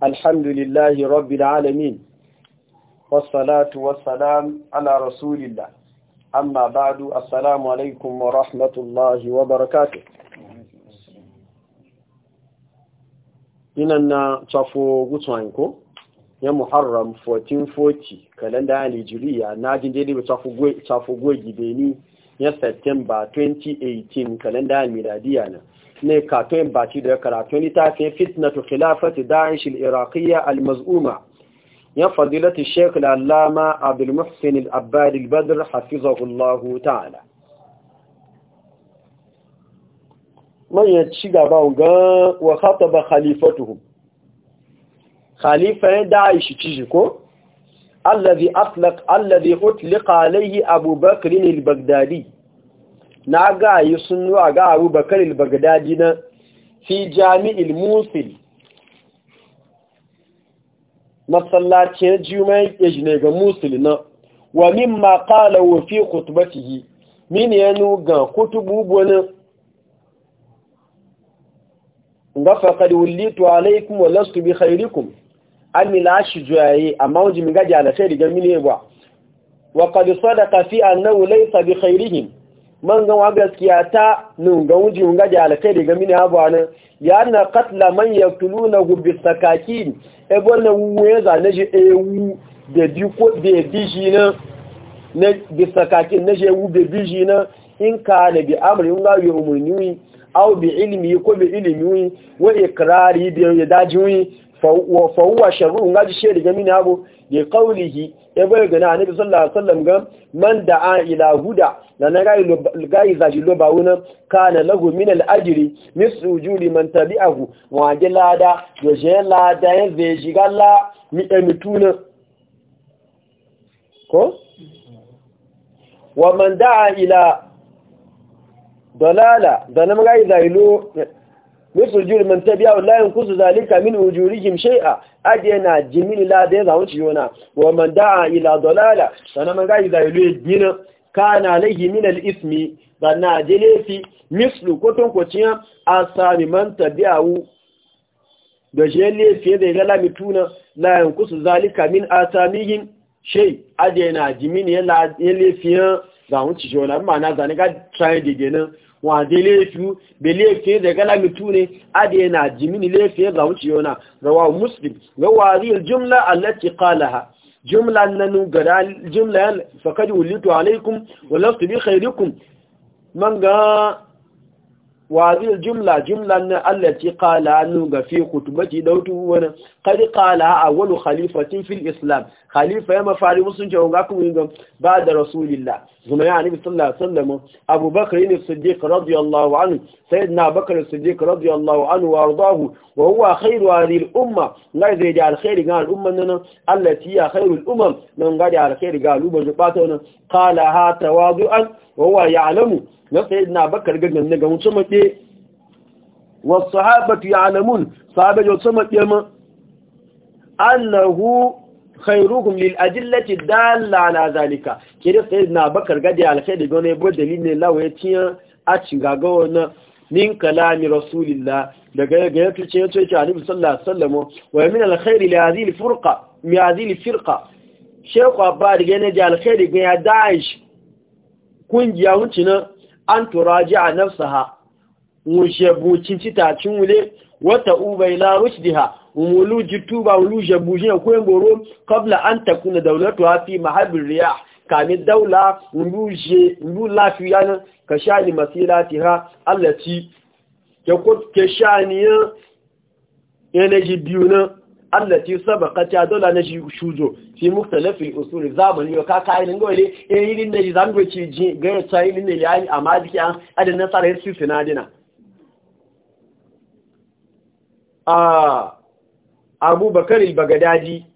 alhamdulillahi rabbil alamin wassalatu wassalam ala rasulillah amma ba'du assalamu alaikum wa rahmatullahi wa barakatuh inan na tafo ko ya muharram 1440 kalanda alijiriya na jinde ne tafo gwe gide ni ya september 2018 kalanda miladiya na. ne katon baci da karatun littafin fitnatu khilafati da'ish al-iraqiyya al-maz'uma ya fadilati sheikh al-allama abdul muhsin al-abbad al-badr hafizahullah ta'ala man ya ci gaba ga wa khataba khalifatuhum khalifa da'ish ciji ko alladhi atlaq alladhi utliqa alayhi abu al-baghdadi na ga yi sun a ga abu bakar ilbagdadi na fi jami'il musul masallacin jima'i ya jine ga musul na wa min ma kala wa fi yi min yanu ga kutubu wani ga faƙar wulitu alaikum wa lastu bi khairikum an milashi juyaye amma wajen gaji alasai rigar mini ba wa ƙadisar da fi annahu laisa bi khairihim man gan wa gaskiya ta nun ga wuji mun gaji alakai daga mini abuwanin ya na katla man ya tulu na gubi sakaki ebo na ya zane shi ewu da bi shi na na bi sakaki na shi ewu da bi shi na in ka na bi amri in gawi umarni au bi ilimi ko bi ilimi wa ikrari da ya daji fawuwa sharru nga gaji shari daga mini abu da kaulihi ya bai gana nabi sallallahu alaihi wasallam ga man da da'a ila huda na na gayi zaji lo Ka na lahu min al ajri mislu juli man tabi'ahu wa gilada yo lada ya zai shiga la mi emituna eh, ko wa man da'a ila dalala da na gayi zaji lo misal jiri man tabiya wa layin kusu zalika min ujurihim shay'a aje na jimin la da zawo yona wa man da'a ila dalala sana man gaji da yule gina kana lahi min al ismi bana jelefi mislu koton kociya asami man tabi'u da jele fiye da gala mituna layin kusu zalika min asamihim shay aje na jimin ya la yele fiye yona ma na ma'ana ga try digenin wade laifi da laifi da gala mutu ne ade na jimini laifi ya zamu ciyo na rawa muslim ga wariyar jumla allati qalaha jumla nanu gada jumla fakad ulitu alaikum wa lastu bi khairikum man gan wazir jumla jumlan nan allati qala annu ga fi kutubati dautu wani qad qala awwalu khalifatin fil islam khalifa ya mafari musun jawu ga kuma ba da rasulillah zumaya a nabi sallallahu alaihi wasallam Abu Bakr ibn Siddiq radiyallahu anhu sayyidina Abu Bakr Siddiq radiyallahu anhu wa ardahu wa huwa khairu hadhihi al-umma la yadhi al-khair ga al-umma nan allati ya khairu al-umam nan ga ya al-khair ga al-umma zuba ta nan ya'lamu na sayyidina Abu Bakr ga nan ga mutum ɗe wa sahabatu ya'lamun sahabe jo sama ɗe ma annahu khairukum lil adillati dalla ala zalika kire sai na bakar gadi alkhairi gone bo dalilin lawa ya tiya a cigaga wannan min kalami rasulillah daga ga ya tuce ya tuce annabi sallallahu alaihi wasallam wa min alkhairi li hadhihi alfurqa mi hadhihi alfirqa shekwa ba ga ne da alkhairi ga ya daish kungiya wuce na an turaji a nafsaha wujebu cincita cinwule wata uba ila rushdiha umulu jituba ulu jebu jina kwen goro kabla an takuna daulatu hafi mahabin riyah kami daula ulu lafiya nan ka shani masirati ha allaci ke shaniyan energy biyu nan allaci sabakati a daula na shujo fi muktalafin usuri zamani yau kaka ainihin gawale yayin e da zangoci gaya ga yi ne ya yi a majiki an adana tsara yin a abubakar bagadaji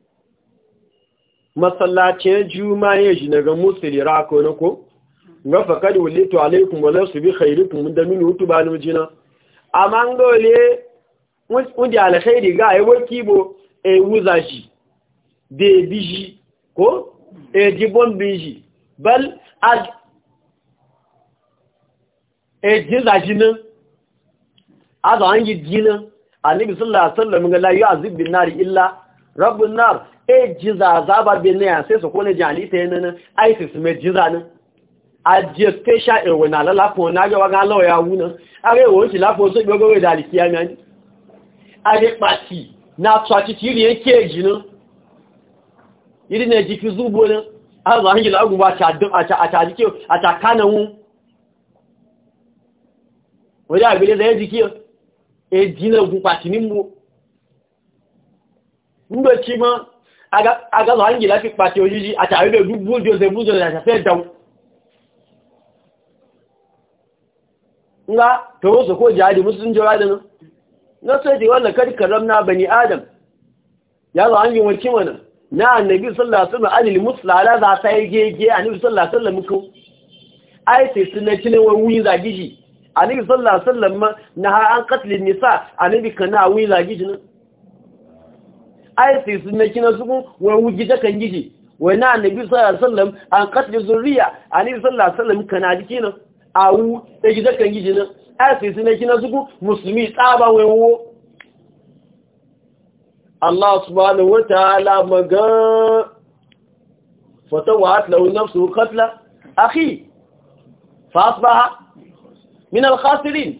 masallacin juma'a shi daga musul irako na ko ga fakari to alaikum wa lasu bi khairukum da min hutuba no jina amma ngole wudi alkhairi ga ai bo e wuzaji de biji ko e jibon biji bal ad e jiza jina azan yi jina annabi sallallahu alaihi wasallam ga la yu'azib bin nar illa rabbun nar e jiza zaba bin ne sai su kone jali ta yana isis mai jiza ne a je special e wona la la na ga wa ga lo ya wuna are wo ti la fo so da li mi ni a pati na tsati ti ri keji iri ne ji fizu ne a ba hangi la ba dun a a ji ke a edina ogun pati ni mu aga aga pàtí pati ojiji ata tí mọ́ agázọ̀ áyìnjì láti pàtí ojíjí àtàrílẹ̀ gbogbo jọsẹ̀ bújọ àṣàfẹ́ dáun ńlá tọwọ́sọ̀ kó jihadi musulun jọra no na sai da wannan karkaram na bani adam ya zo anje yi wanki wannan na annabi sallallahu alaihi wasallam alil muslala za sai gege annabi sallallahu alaihi wasallam ko ai sai sunan cinin wani wuyin zagiji annabi sallallahu alaihi wasallam na har an katli nisa annabi kana wila gijin ai sai sun ne kina su wa wuji da kan giji wai na annabi sallallahu alaihi wasallam an katli zurriya annabi sallallahu alaihi wasallam kana dike nan awu da gida kan giji nan ai sai sun ne kina su musulmi tsaba wai wo Allah subhanahu wa ta'ala maga fatawat lahu nafsu qatla akhi fa asbaha min al-khasirin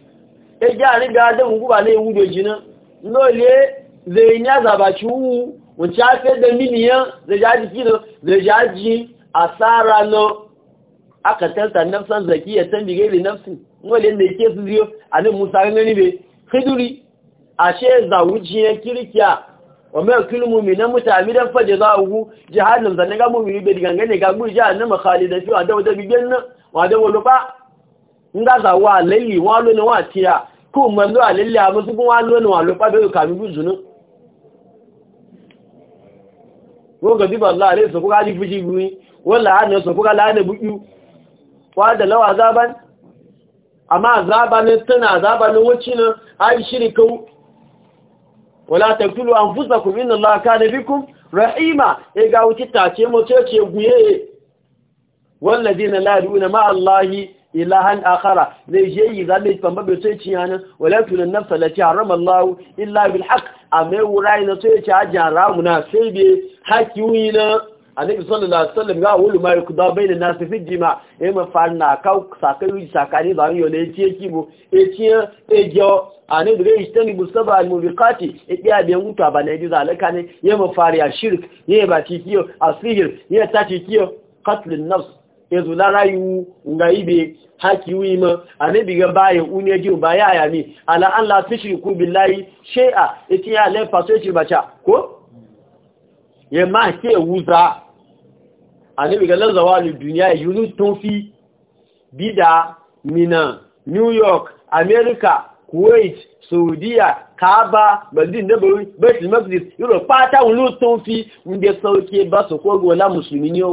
e jari ga da mu ba ne wudo jina lole zai nya zaba ci wu mu cha fe da miliyan da jaji kilo da jaji asara no aka tanta nafsan zakiya tan bi gairi nafsi lole ne ke su ziyo ale musa ni be khiduri ashe za wujiye kirkiya wa mai kilmu minan mutane don faje za a gu jihannam sannan ga mummuni bai digangane ga gu jihannama khalidan fi wa dawo da bigin nan wa dawo lupa ngaza wa leli wa lo ni wa ti a ko mo lo alele a mo tun wa lo ni wa lo pa ka mi wo ga bi balla ale so ko ga di fuji buyi wala ana so ko ga la na wa da lawa zaban amma zabanin tana zabanin wacce nan ai shirikau wala taqtulu anfusakum inna allaha kana bikum rahima e ga mo ce ce guye wallazina la ma allahi ilahan akhara zai je yi zame shi ban babe sai ciya nan wala tunan nafsa lati harama Allah illa bil haqq amma wurai na sai ci haja ramuna sai be haki wina annabi sallallahu alaihi wasallam ga wulu mai kuda bayin nas fi jima e ma farna ka sakai sakani ba yo ne ciye kibo e ciye e jo ane daga ishtani mustafa al-mubiqati idiya biyan mutu ba ne diza alaka ne ya mafari a shirk ya ba tikiyo asihir ya ta tikiyo qatlun nafs yanzu larayu nga ibe haki wima anabi ga baye unye ji ba ya ni ala Allah tushriku billahi shay'a iti ya le faso ci bacha ko ye ma ke wuza anabi ga lazawali duniya yunu tofi bida mina new york america kuwait saudiya kaaba berlin nabawi baitul maqdis yuro pata ulu tofi nde sauke ba so ko gola musulmi ni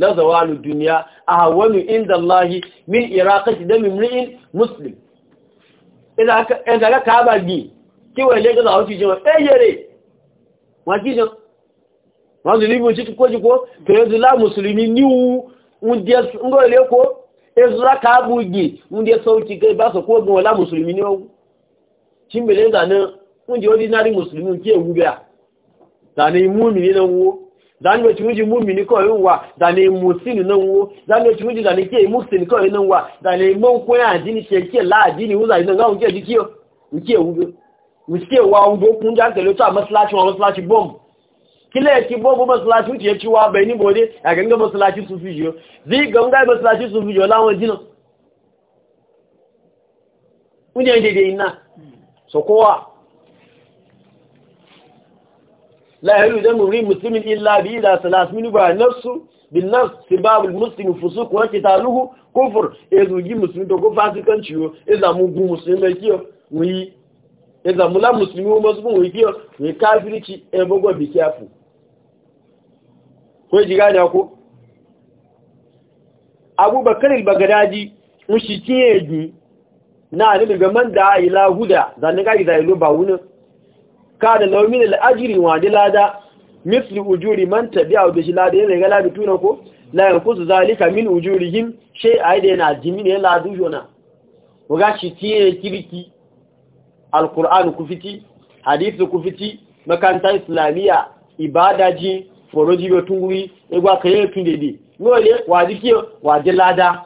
na zawanu duniya a hawanu inda Allahi min iraqati da mimri'in muslim idan ka kaba gi kiwon lagos a wuce jima ɗayyare eh, maki jan mazu libyan ci ko jiko to yanzu la musulmi niwu ngo ile ko yanzu za ka abu gi wunde sauki kai ba su kogin wala musulmi ne wawu cimbele zanen wunde ordinary musulmi ke wubiya zanen imumi ne na wuwo zani wetu mji mumini ko yuwa zani musini nanwo zani musini ko nanwa zani mon ko ya dini sheke la dini uza ina ga unje dikio nke ugo nke wa ugo kun ja tele to maslachi wa maslachi bomb kile ki bomb maslachi ti ci wa bai bode ya ganga maslachi su fijo zi maslachi su la won dino unje de ina hmm. so la yahilu damu ri muslimin illa bi ila salas min ba nafsu bin nafs sibab al muslim fusuq wa qitaluhu kufr ezu gi muslim to ko fasikanci yo eza mu gu muslim mai mu yi mu kafirci e bogo bi kiafu ko ji bagdadi mushi na ni daga da ila huda ba kada laumin al'ajiri wa lada misli ujuri man tabi'a da shi lada yana ga labi tuna ko la yankusu zalika min ujurihim shay aida yana jimin ya ladu jona waga shi tiye alquran ku fiti hadith ku fiti makanta islamiya ibada ji foroji be tunguri egwa kaye kindede ngole wajiki wajilada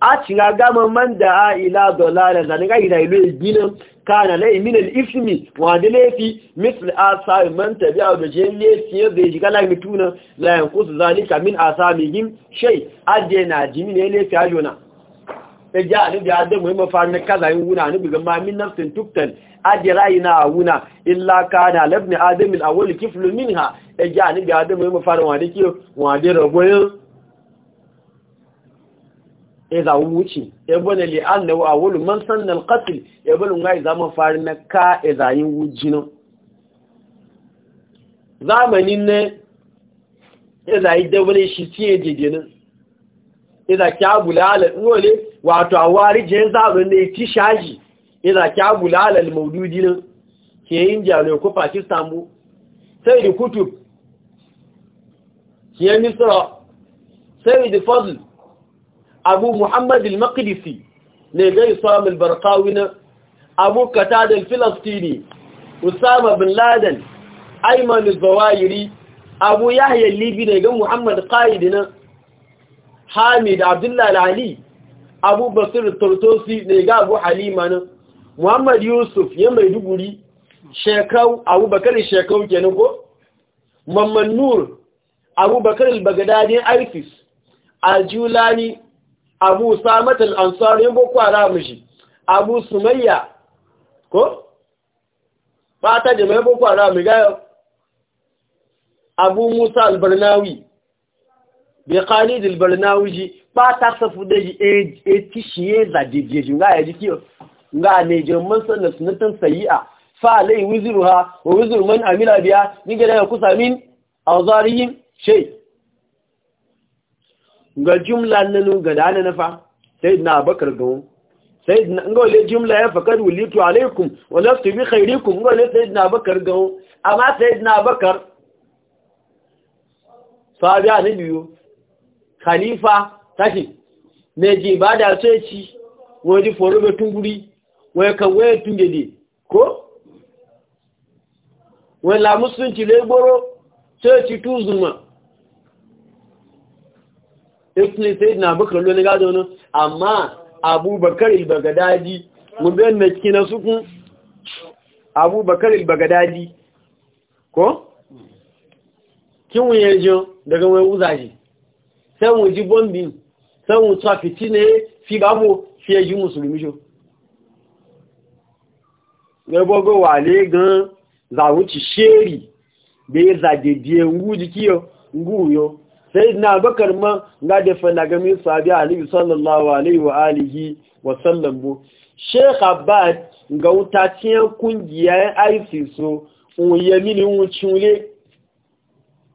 a cinga gama man da a ila dolala zaniga ila ilo eginan kana lai min al-ifmi wa da laifi misl asai man tabi'a da jin laifi ya zai jiga la mituna la yanqus zalika min asamihim shay adena jimi ne laifi jona ta ja ni da adam mai mafarin kaza yin wuna ni bigan ma min nafsin tuktan adira ina wuna illa kana labni adam awwal kiflu minha ta ja ni da adam mai mafarin wa dake wa da ragoyin iza wuce ebole da wa wulu man san sanna al-qatl ebole ngai mu fari na ka iza yin wujina zamani ne iza yi dawale shi tiye jejena kya bulala ngole wato a wari je zaɓin da ya ci shaji iza kyabulala al-mawdudi ne ke yin jalo ko Pakistan bu sai da kutub ke misra sai da fuzzle abu muhammad al-maqdisi ne ga islam al-barqawi na abu qatada al-filastini usama bin laden ayman al-zawahiri abu yahya al-libi ne ga muhammad qaid na hamid abdullah al-ali abu basir tortosi ne ga abu halima na muhammad yusuf ya mai duguri shekau bakari shekau kenan ko mamman nur abubakar al-bagdadi aifis fis al-julani abu samat al'ansari yin boko haram shi abu sumayya ko? fata da mai boko haram gayo abu musa albarnawi bi kani da albarnawi ji fata safu da ji e eh, eh, tishiye eh, zajejejin ga ya ji kiyo ga ne jirman sannan sunatan sayi'a fa'alai wiziru ha wa wiziru man amila biya ni gada ya kusa min a zarihin shai ga jumla nanu ga dana nafa sayyidina abakar gawo sayyidina ga wale jumla ya fakar wulitu alaikum wa laftu bi khairikum ga wale sayyidina abakar gawo amma sayyidina abakar sahabi ne biyo khalifa tashi ne ji ba da sai ci wani foro ga tunguri wai kan waye tungede ko wala musulunci le gboro sai ci tuzuma isli sai na bakar lo ne gado wani amma abubakar ilbagadaji mu biyan na ciki na sukun abubakar ilbagadaji ko? kin wuye jo daga wani uzaji sai mu ji bombin sai mu tsa fiti ne fi gabo fi yaji musulmi shi? Ya gbogbo wà lé gan zàwùn Sheri? ṣéèrì gbé zàdèdè ngú jí kíyọ ngú sai na bakar ma ga da fanagamin sabi alihi sallallahu alaihi wa alihi wa sallam bu sheikh abbad ga wutaciyan kungiya aisi so unye mini wucule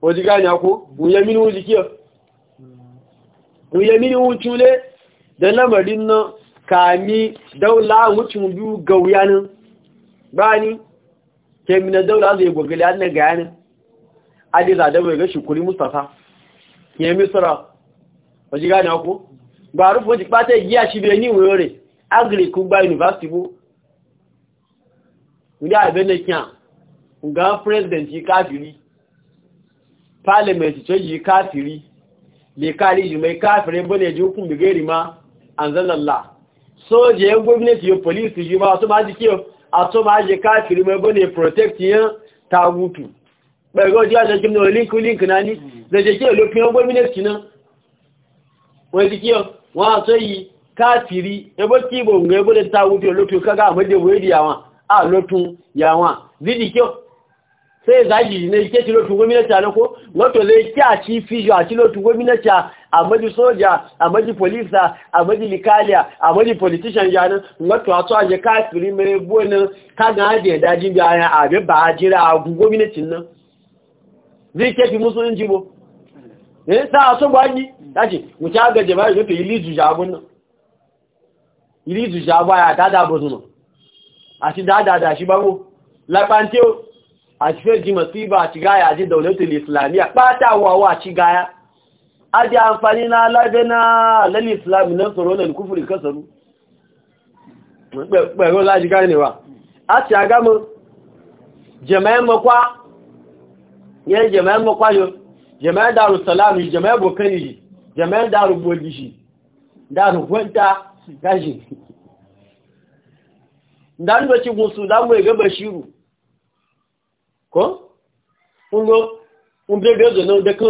oji gani ako unye mini wucikiyo unye mini wucule da lamarin nan kami daula wucin biyu ga wuyanin bani kemina daula zai gogale an na gayanin adiza da bai ga shukuri mustafa yẹn mísọ́rọ̀ ọjígá ní ọkú gbàrúfò ti pátẹ́ yí àṣíbẹ̀ ní ìwé rẹ̀ agric gba university bó ní àbẹ́nẹ̀kíà ǹgá president yí káàfìrí parliament tó yí káàfìrí lè káàrí ìjùmọ̀ káàfìrí bọ́nà ẹjú kún bègèrè ma anzalala sóòjẹ́ gómìnàtì yóò polisi yí ma àtọ́ máa jẹ́ káàfìrí mọ́ bọ́nà protect yẹn pẹ̀lú ọjọ́ àṣẹ́kí ní olínkù línkù náà ní lẹ́ṣẹ̀kí olópin ọgbọ́ mínẹ̀tì náà wọ́n ti kí ọ wọ́n àṣọ yìí káàkiri ẹgbẹ́ kí ìbò ǹgbẹ́ ẹgbẹ́ ta olópin kága àmọ́dé wòédì àwọn àlótún yàwọn sai zagi ne a wato zai ki a ci fijo a ci a soja a polisa a likaliya a maji politician janin wato a kafiri biya a abin ba a jira a gwamnatin nan zai kefi musulunci bo eh sa so gwaji dace mu ta ga jaba yo to iliju jabun nan iliju jaba ya dada bozuno àti dada da shi bawo lapante o àti fe ji masiba àti gaya àti dawlatul islamiyya pata wawa àti gaya aje àǹfààní na ladena lal islam na soro lal kufri kasaru pe pe ro laji gaya ne wa àti agamo jama'a makwa yẹn jẹ̀mẹ́ mọ́kwáyọ jẹ̀mẹ́ dàrù sàlámù jẹ̀mẹ́ bọ̀kẹ́nìyì jẹ̀mẹ́ dàrù gbòdìṣì dàrù kwẹ́ntà gáṣì dánúbẹ̀ṣì gúnsù dámú ẹgbẹ̀ṣìrù kọ́ ńlọ ń bẹ́gbẹ́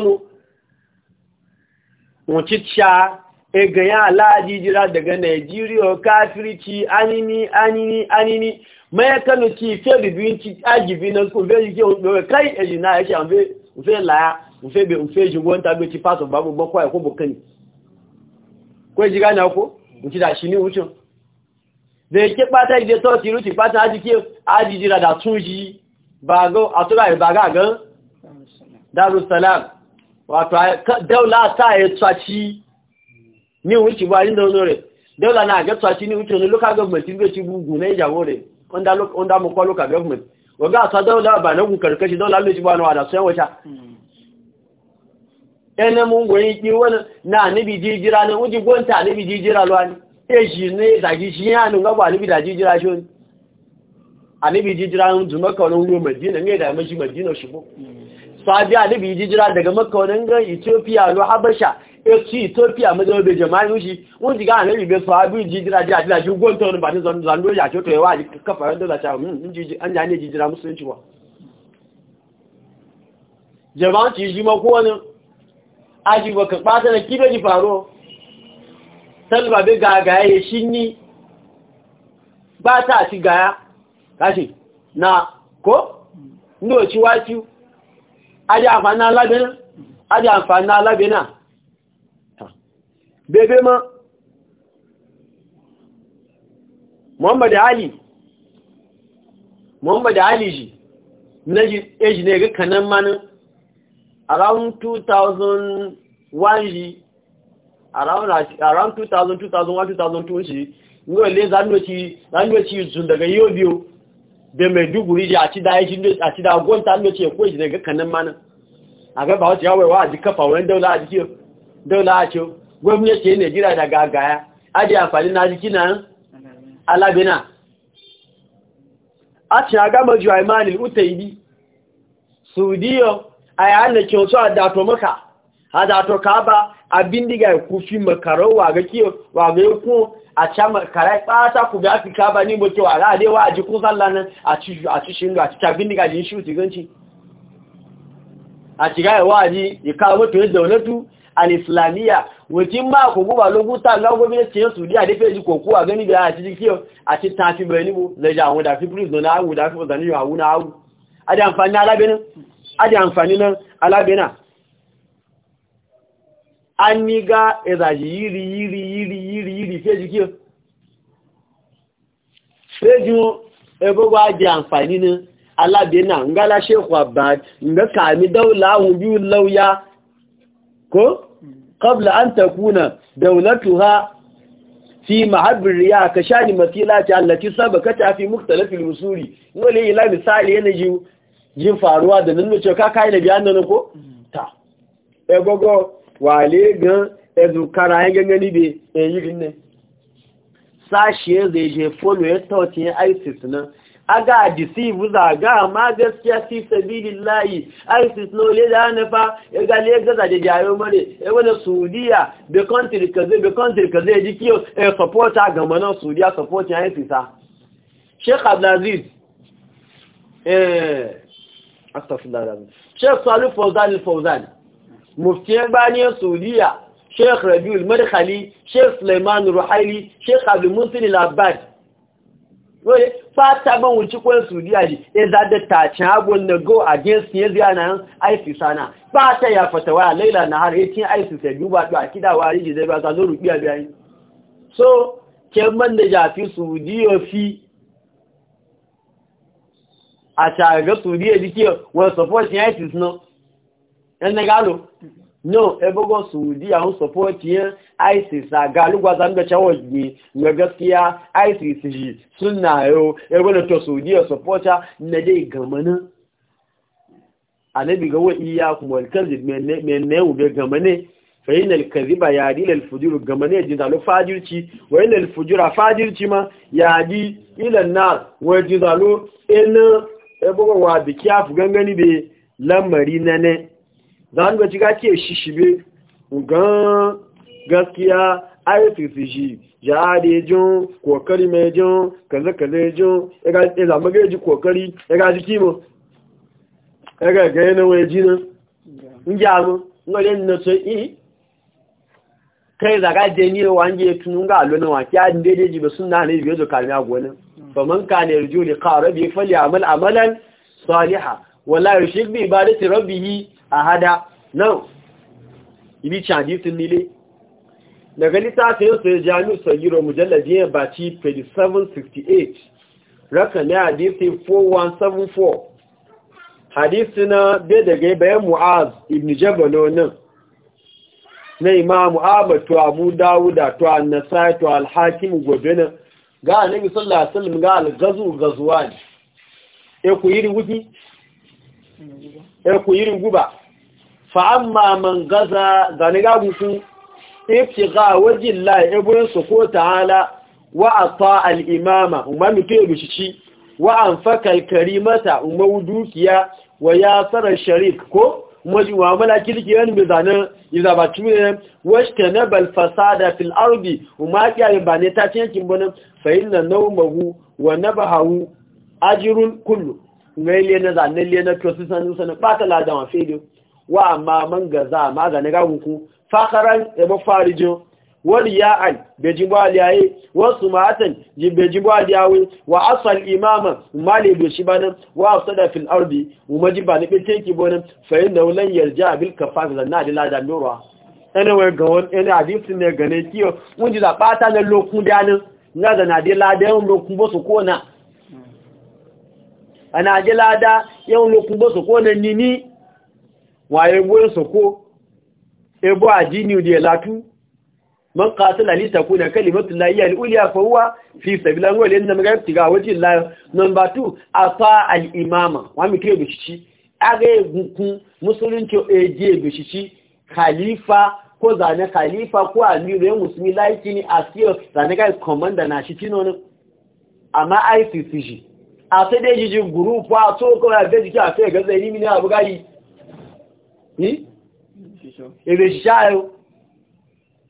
egayen alaji jira daga nigeria kafirci anini anini anini mai kanu ki fe ribin ci ajibi na ko fe yike o kai ejina ya shan fe fe laya fe be fe jigo nta be ti paso babu gbo kwa ko bokan ko jiga na ko nti da shi ni wucin da yake pata ide to ti ruti pata ajiki ajiji da tunji bago atura baga gan darussalam wato daula ta ya e tsaci ní òun ti bá ní lọ́nà rẹ̀ dọ́là náà àjẹ́tọ̀ àti ní ìtìrìn local government ilé ti gbogbo ní rẹ̀ under mọ́kọ́ local government ọgá náà sahabi alibi jijira daga makka wani gan ethiopia lo habasha FC ethiopia mazalar bai jama'i nushi wọ́n ti gáà lórí ìgbé sahabi jijira jẹ́ àti láti gbọ́ntọ́ ní bàtí zan doya kyoto yawa kafa yadda da shahu an ja ne jijira musulunci wa jama'a ci shi mako wani aji ba ka ɓata da kibe ji faro talba bai gagaya ya shi ni ba ta ci gaya kashi na ko ndo ci waciu ajé àǹfààní alábẹ́nà ajé àǹfààní alábẹ́nà bèbè mọ́ Muhammad Ali Muhammad Ali ji na ji ne ga kanan manin around 2001 ji around 2000 2001 2002 ji nwe le zanuci zanuci zun daga yau biyu E da maiduguri ji a ci da gwanta da ce kuwa shi daga kanan mana a gaba wata yawai wa a ji kafa wani daula a jikin daula a ce gwamnati ne jira da gagaya a ji amfani na jiki na alabina a ci a gama juwa imanin utaidi saudiyo a yayin da kyautu a dato maka hada to kaba abin diga makaro wa ga kiyo wa ga ku a makara pata ku ga fi kaba ni bo kiyo ala de wa ji ku sallan nan a ci a ci shin a ci ta bin diga jin shi ganci a ci ga ya ka mu to daulatu al-islamiyya wajin ma ku guba lokuta ga ne ce su dia de feji ko ku a gani da a ci kiyo a ci ta fi bani mu da ja da fi prison na wu da fi zani ya wu na wu a da amfani alabenin a da amfani nan alabenin an ni ga e yiri yiri yiri yiri, yìí yìí fẹ́jì kí o fẹ́jì wọn ẹgbogbo e ajẹ́ àǹfààní ní alábẹ́nà ń Nga ṣékù àbá ń gẹ́ kàmí dáúlà ahùn bí lọ́wọ́yá kó kọ́bùlà an takuna daulatu ha fi mahabbiri ya ka sha ni masila ta allaci saba ka tafi muktalafil musuri wani ila misali yanayi jin faruwa da nan mace ka kayi na biyan nan ko ta ẹgbogbo e wale gan ezukara ya gangani be yayirin ne sashe zai je folo ya tautin isis nan aga deceive za ga ma gaskiya fi sabilillahi isis no le da nafa ya e ga le ga da jayo mare e wala saudiya be country kaze be country kaze ji kiyo e supporta ga mana saudiya isis a sheikh abdulaziz eh astaghfirullah sheikh salih fawzan al muftiyar baniyar saudiya sheikh rabiul madkhali sheikh suleiman ruhaili sheikh abdulmusin labar wani fata ban wuce kwan saudiya ne ya ta ci agon na go against ya ziya na yan isis sana fata ya fatawa laila na har 18 isis ya duba duwa a wa rigi zai ba zano rubiya biyayi so kemman da jafi saudiya fi a tare ga saudiya jikiyar wani support ya isis no ẹnẹgálò no ebogo saudi ahun support ye isis a ga alugwasa nda cewa gbe ga gaskiya isis yi suna yau ebogo to saudi ya supporta na dai gamana anabi ga wa iya kuma alkalzi mai nayu ga gamane fayin alkaziba ya di lalfujuru gamane jin Wa fajirci wayin lalfujura fajirci ma ya di ilan na wajen zalo ina ebogo wa biki afu gangani be lamari nane. zan ga ci gake shishibe gan gaskiya ICC shi jihadi jin kokari mai jin kaza kaza jin ya zama ga ji kokari ya e ga kimo e ya ga ga e yana waye ji nan in ji amu ngole na so i kai zaga je ni wa nje tunun ga na wa ki adin daidai ji ba sunna ne biyo zo kalmiya gona fa man kana yarju liqa rabbi falyamal amalan salihan wala yushrik bi ibadati rabbihi ahada now ibi chadisin nile daga littafin yau sai jami'u sagiro mujallaji ba ci page 768 rakami hadisi 4174 hadisi na bai daga bayan mu'az ibn jabalo nan na imamu ahmad to abu dawuda to annasa to alhakim gobe nan ga annabi sallallahu alaihi wasallam ga algazu gazuwan e ku yiri wuki e ku yiri guba fa'amma man gaza ga ni gabu su iftiga wajin la’i ibrinsu ko ta'ala wa a ta al'imama umarni ya bishici wa an fakal karimata umar dukiya wa ya tsara sharif ko majuwa mala kirki yan zanen izabatu ne ta na balfasada fil a ba ne ta yankin bane fa'in na naumahu wa na bahawu ajirun kullu mai le na zanen le na kyosisan nusa na ɓata ladawa fediyo wa amma man gaza ma ga na gagunku fakaran ebe farijin wani ya'an da jibali yayi wasu matan da jibali yayi wa asal imama mali da shi banan wa sada fil ardi umma jibani bin teki bonan fa inna lan yarja bil kafaf lan nadi la da nura ana wai ga wani ana hadisi ne gane kiyo mun ji da bata na lokun da nan na da nadi la da yau lokun bo su kona ana ji la da yau lokun bo su kona ni? waye gwen soko ebo ajini da latu man qatala li takuna kalimatu llahi al-ulya fa huwa fi sabila ngol inna maga tiga waji la number 2 afa al-imama wa mi kire bishici aga egunkun musulunci eje bishici khalifa ko zane khalifa ko amiru yan musulmi laiki ni asiyo zane ga komanda na shi tino ne amma ICC shi a sai dai jiji group wa so ko da jiji a sai ga zai ni mini abu gayi ní èrè ṣáàrù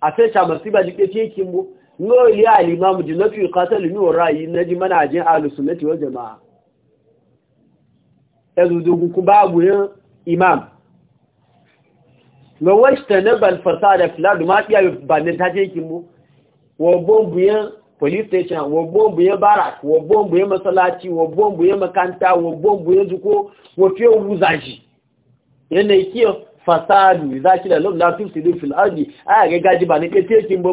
àfẹ́ṣà mọ̀síbàjí pé tí èkí mú ní orí àìlìmáàmù jùlọ fi ìkásẹ̀lù ní ọ̀rá yìí lẹ́jí mọ́nà àjẹ́ alùsùn mẹ́tì ọjọ́ máa ẹ̀rùdùgùn kú bá àgbòyán imam wọ́n wọ́n bóǹbùyán barak makanta wọ́n bóǹbùyán zuko wọ́n fi yana kiyo fasadu za ki da lum la tusidu fil ardi a yage gaji ba ne ke te kin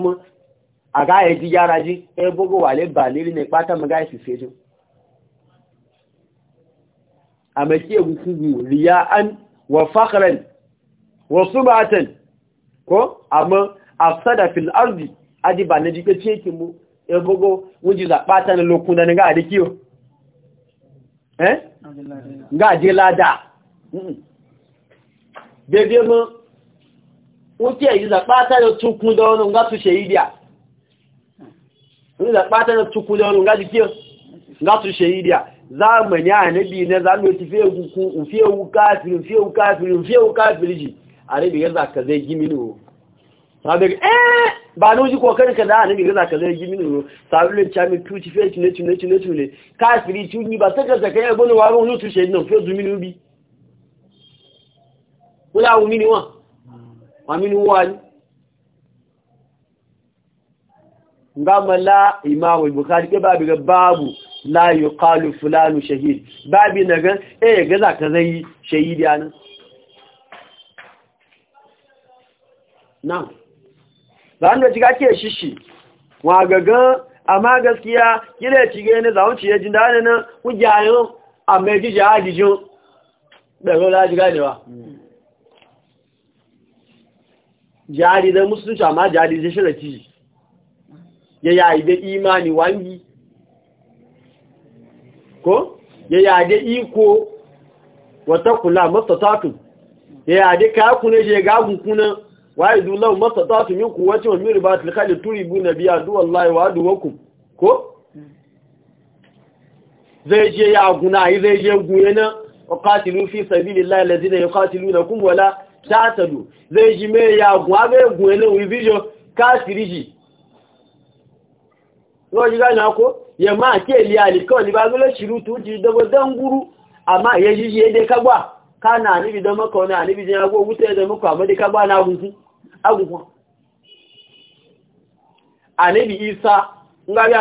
a ga ya ji yara ji e bogo wale ba ne ne pata mu ga e shi fejo a mai kiyo gugu riya'an wa fakhran wa subatan ko amma afsada fil ardi aji ba ne ji ke te kin mu e bogo wuji za pata ne lokuna ne ga da kiyo eh ga je lada bèbè mọ́ wọ́n tí ẹ̀yí zàpátá yóò túnkún lọ́rùn ńgá tún ṣe ìdíà wọ́n zàpátá yóò túnkún lọ́rùn iná zamani ti fẹ́ gukun òfí ewu káàfìrí òfí ewu káàfìrí òfí ewu káàfìrí jì ànẹ́bì gẹ́zà kẹzẹ́ gímínú ba na uji kokarin ka da a nabi gaza ka zai gimi nuro sabulin chamin bóyá omi ni wọ́n wọ́n ni wọ́n la imamu bukari ke babu ga babu la yi kalu fulanu shahid babu na gan eh gaza ka zai shahidi anan nan zan da jiga ke shishi wa gagan amma gaskiya kila ya cige ne zaun ciye jin dane nan amma jari na musulunci amma jari zai shirati ya yayi da imani wangi ko ya yayi da iko wata kula mastatatu ya yayi da shi je gagun kuna waye masta mastatatu min kuwati wa min ribatil khali turibu nabiya du wallahi wa duwakum ko zai je ya guna zai je guyena وقاتلوا في سبيل الله na kuma wala. sátẹ̀lù lè jì mẹ́ ya ọgùn abẹ́gùn ẹlẹ́wù ìbíjọ káàkiri jì wọ́n jí gáyìn akó yẹ máa kí èlé àlìkọ́ nípa gbẹ́lẹ̀ ṣìrú tó ti dọgbọ́dán gúrú àmá yẹ jíjí èdè kágbà káàna níbi dọmọ́kọ̀ náà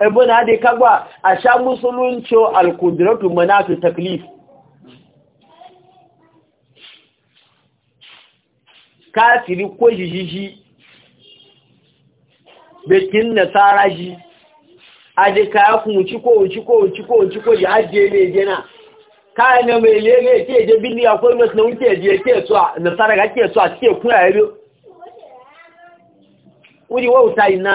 ebe na kagwa a sha musulunci alkudratu manatu taklif kafiri ko jijiji bekin nasara ji adị ka ya kun ci ko wuci ko wuci ko wuci ko ji hajje ne jena kayan na mai lere ke je bindi akwai wasu na wuce je ke so nasara ga ke so a cike kuna yaro wuri wauta ina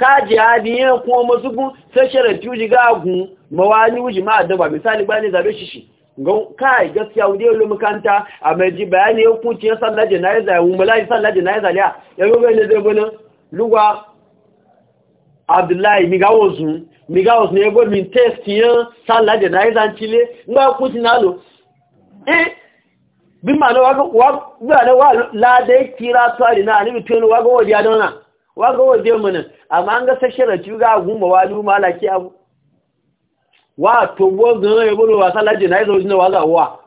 Kaji jihadi ya kuma mazugun sai sharar tuji ga agun mawani wuji ma adaba misali bani zabe shi shi kai gaskiya wuje yau makanta a mai ji bayani ya kuci ya sallar jana'iza ya wumula ya sallar jana'iza ya yau bai ne zai gwanin lugwa abdullahi migawosu migawosu ne gwa min test yan sallar jana'iza chile ngba kuci nalo eh bí màá lọ wá ládé kíra tó àdínà níbi tí ó lọ wa gọ́wọ́ di adọ́nà waga waje munin amma an ga sashirar cuga goma wani malaki abu wa tobo gan ya gudu wasa laje na izo jina waga wa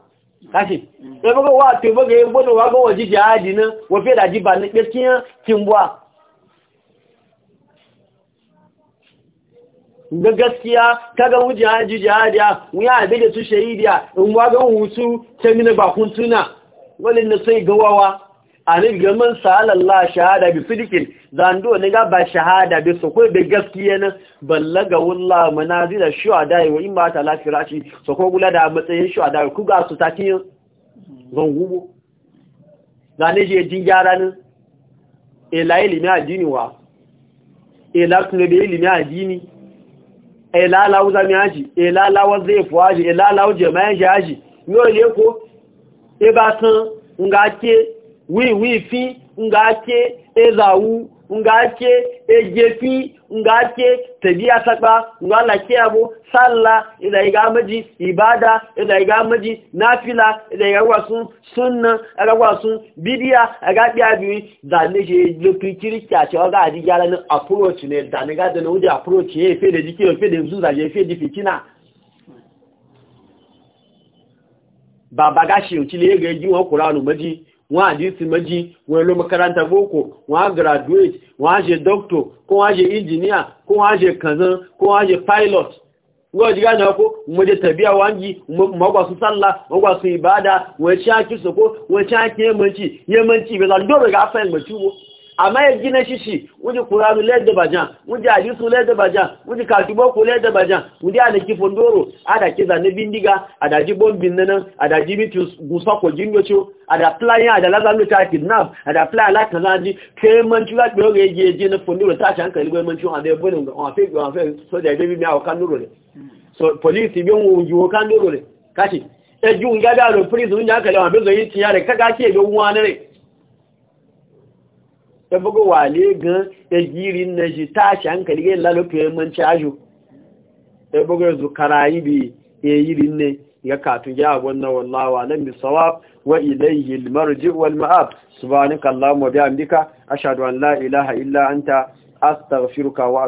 kashi ya buga wa tobo ga ya gudu waga waje jihadi nan wafe da ji na kirkiyan kimbuwa ga gaskiya kaga mu jihadi jihadi ya wuya abin da su shahidiya in waga wusu ta na sai gawawa anin gaman sa'alallah shahada bi sidikin zando ne ga ba shahada bi su kai da gaskiya nan ballaga wallah manazila shuhada wa in ba ta lafira shi so ko gula da matsayin shuhada ku ga su takin zangubo zane je jin gyara nan ila ilimi addini wa ila kuma da ilimi addini ila lawuza mi haji ila lawuza zai fuwa haji ila lawuza mai haji yau ne ko e ba san nga ke wiwifi ngake ezawu ngake ejefi ngake tabiya saka ngalake abu sallah idan ga maji ibada idan ga maji nafila idan ga wasu sunna ga wasu bidiya ga biya biyu da ne je lokiri kyace ga adi yara ne approach ne da ne ga da ne wuje approach ye fe da jike fe da su da je fe di fitina baba ga shi o ti le ga ji won qur'anu maji wọn àdísì méjì wọ́n ló makaranta boko a graduate a ṣe doctor kó a ṣe engineer kó a ṣe kanzan kó a ṣe pilot wọ́n jí gánà kó mo jẹ tàbí àwọn yìí sálà ìbáadà wọ́n ṣe ákí wọ́n ṣe ìbẹ̀lá gáfẹ́ wọ́n àmá ìjínà ṣíṣì wọ́n ti kùránù lẹ́ẹ̀dẹ̀bàjá wọ́n ti àdísù lẹ́ẹ̀dẹ̀bàjá wọ́n ti kàtùbọ́kù lẹ́ẹ̀dẹ̀bàjá wọ́n ti àdàkí fondoro àdàkí zanibin diga àdàjí bombin nana àdàjí bí ti gùnsọ́kọ̀ jíndọ́chó àdàpláyà àdàlázàmì tààkì náà àdàpláyà alákànláàjí kẹ́ẹ̀mọ́ntí láti ọ̀rẹ́ ẹjẹ́ ẹjẹ́ ní fondoro tààkì àǹkàlẹ̀ gbẹ́mọ́ntí wọn àdẹ́bọ́n àwọn afẹ́ sọ́jà ẹgbẹ́ bí mi àwọn kánúrò rẹ̀ polisi bí wọn òjò kánúrò rẹ̀ káṣì ẹjú ń gádà lọ prison ń jà kẹlẹ̀ wọn àbẹ́zọ̀ yìí ti yà rẹ̀ kákàkì ẹ̀dọ́ wọn ta buga wale gan ya girin na ji tashi hankali yin lalafi ya manci ajo ta bugu yanzu karayi bi ya yi rinne ya katu ya wannan wallawa nan bi sawab wa ilayhi almarji wal ma'ab subhanaka allahumma bihamdika ashhadu an la ilaha illa anta astaghfiruka wa